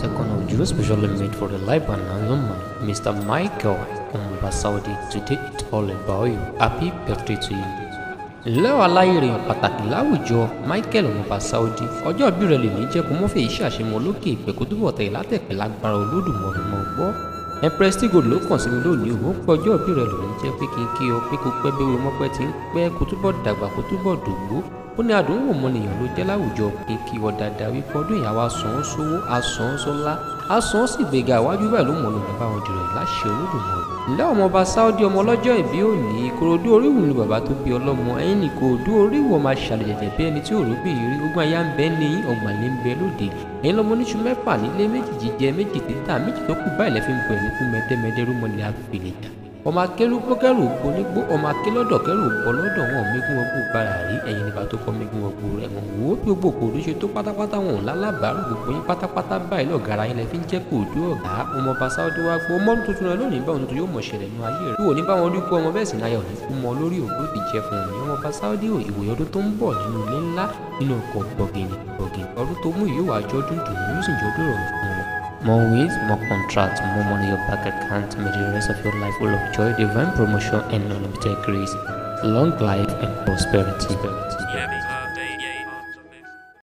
Second of Jews specially made for the life Lebanon woman, Mr. Michael Ombasaudi. Today it all about you. Happy birthday to you. ǹlẹ́ wàá láyé èèyàn pàtàkì láwùjọ Michael Ombasaudi ọjọ́ ìbí rẹ̀ lè ní jẹ́ kó mọ́fẹ́ iṣẹ́ àṣemọ́ lókè ìpẹ̀kútúbọ̀ tẹ̀yìn látẹ̀pẹ̀ lágbára olódùmọ̀rì mọ̀ gbọ́ Empress Tigo ló kàn sí mi lónìí o pé ọjọ́ ìbí rẹ̀ lòún jẹ́ pé kí n kí ọ pé kó pẹ́ bí wọ́n mọ́pẹ́ ti ń pẹ́ kó túbọ̀ dàgbà kó túbọ̀ dògbó ó ní àdúgbò mọ́nìyàn ló jẹ́ láwùjọ pé kí ọ̀dàdà wípé ọdún ìyàwó asàn sówó asàn sọlá asàn sì gbéga iwájú bẹ́ẹ̀ ló mọ̀ ló bàbá wọn jùlọ láṣẹ olódùmọ̀ ǹlẹ́ ọmọọba sáódì ọmọ ọlọ́jọ́ ìbí òní ìkòròdú oríwù ni bàbá tó bí ọlọ́mọ ẹ̀yìn ní ìkòròdú oríwù ọmọ aṣàlẹ̀jẹ̀jẹ̀ bí ẹni tí òrógbè yìí rí ogún aya ń bẹ ní ọgbà ní bẹ lóde ẹ̀yìn lọ́mọ oníṣu mẹ́fà nílé méjì jíjẹ méjì títà méjì tó kù báyìí lẹ́fí ń bọ̀ fún mẹ́tẹ́mẹ́tẹ́ rúmọ́ni àfìlẹ̀jà ọmọ akẹ́lú gbọ́kẹ́rù kò ní gbó ọmọ akẹ́lọ́dọ̀ kẹ́rù bọ́ lọ́dọ̀ wọn mẹ́gun ọgbó gbára rí ẹ̀yin nígbà tó kọ́ mẹ́gun ọgbó rẹ̀ wọ́n wò ó bí gbogbo kò ló ṣe tó pátápátá wọn lálábàárù gbogbo yín pátápátá báyìí lọ́gàrà yín lẹ fi ń jẹ́ kó ojú ọ̀gá ọmọ bàṣà ọdún wa gbọ́ ọmọ tuntun rẹ lónìí báwọn tó yóò mọ̀ ṣẹlẹ̀ nu ayé rẹ̀ ìwò ní More wins, more contracts, more money in your bank account. Make the rest of your life full of joy, divine promotion, and unlimited grace. Long life and prosperity. prosperity.